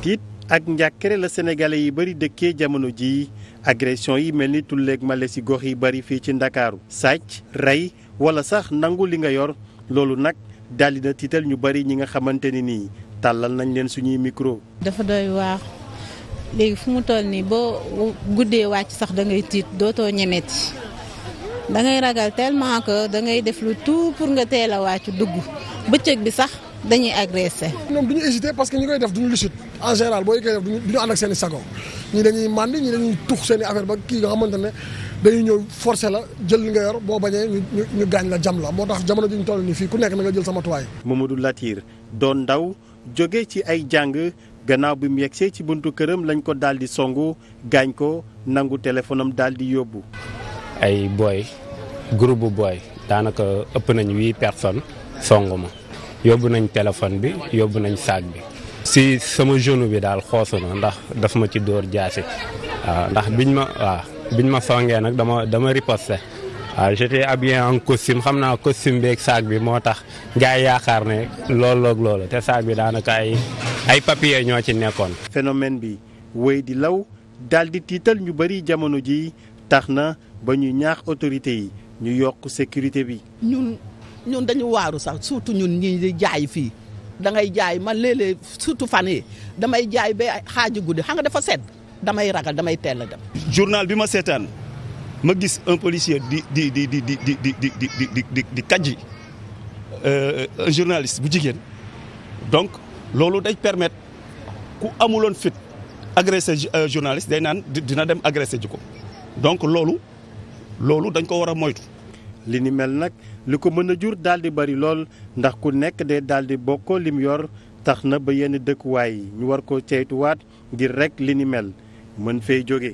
tiit ak njàkkare la sénégalais yi bëri dëkkee jamono jii agression yi mel ni tulleeg male si gox yi bëri fii ci ndakaaru sàcc rey wala sax nangu li nga yor loolu nag daldi na tiital ñu bëri ñi nga xamante ni nii tàllal nañ leen suñuy mikro dafa doy waax léegi fu mu toll nii boo guddee wàcc sax dangay tiit dootoo ñemeti da ngay ragal tellement que da ngay def lu tout pour nga teel a wàcc dugg bëccëg bi sax. dañuy agressé. ñoom du ñu hésité parce que ñu koy def du ñu lucide en général boo ñu koy def du ñu ànd ak seen i sago dañuy màndi ñii dañuy tux seen affaire ba kii nga xamante ne dañuy ñëw forcé la jël li nga yor boo bañee ñu ñu gaañ la jam la moo tax jamono ji ñu toll nii fii ku nekk na nga jël sama tuwaay. Mamadou Latir doon ndaw jóge ci ay jàng gannaaw bi mu yegsee ci buntu këram lañ ko daal di songu gaañ ko nangu téléphone am daal di yóbbu. ay booy groupe bu booy daanaka ëpp nañ huit personnes songu ma. yóbbu nañ téléphone bi yóbbu nañ saag bi si sama genou bi daal xoosu na ndax daf ma ci dóor jaasi waaw ndax biñ ma waaw biñ ma songee nag dama dama riposté waaw j'étais habillé en costume xam naa costume beeg saag bi moo tax gars yi yaakaar ne loolu ak loolu te saag bi daanaka ay ay papier ñoo ci nekkoon. phénomène bi wéy di law daal di tiital ñu bëri jamono ji tax na ba ñuy ñaax autorité yi ñu yokk sécurité bi. ñun dañu waaru sax surtout ñun ñii di jaay fii dangay jaay man léeg-léeg surtout fan yi damay jaay ba xaaju guddi xam nga dafa sedd damay ragal damay teel a dem. journal bi ma seetaan ma gis un policier di di di di di di di di di di di kàjji un journaliste bu jigéen donc loolu day permettre ku amuloon fit agressé journaliste day naan dina dem agressé ji ko donc loolu loolu dañ ko war a moytu. li ni mel nag li ko mën a jur daal di bari lool ndax ku nekk de daldi bokkoo lim yor tax na ba yenn dëkkuwaay yi ñu war ko ceytuwaat ngir rek li ni mel mën fee jóge